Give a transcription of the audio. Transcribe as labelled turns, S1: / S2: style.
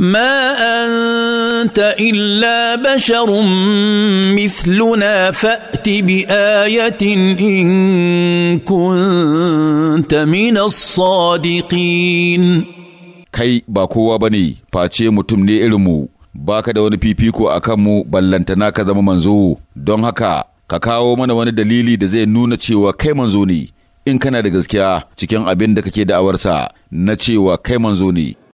S1: ما انت الا بشر مثلنا فات بايه ان كنت
S2: من الصادقين kai ba kowa ba ne face mutum ne irinmu ba ka da wani fifiko a kanmu ballantana ka zama manzo don haka ka kawo mana wani dalili da zai nuna cewa kai manzo ne in kana da gaskiya cikin abin da kake da'awarsa na cewa kai manzo ne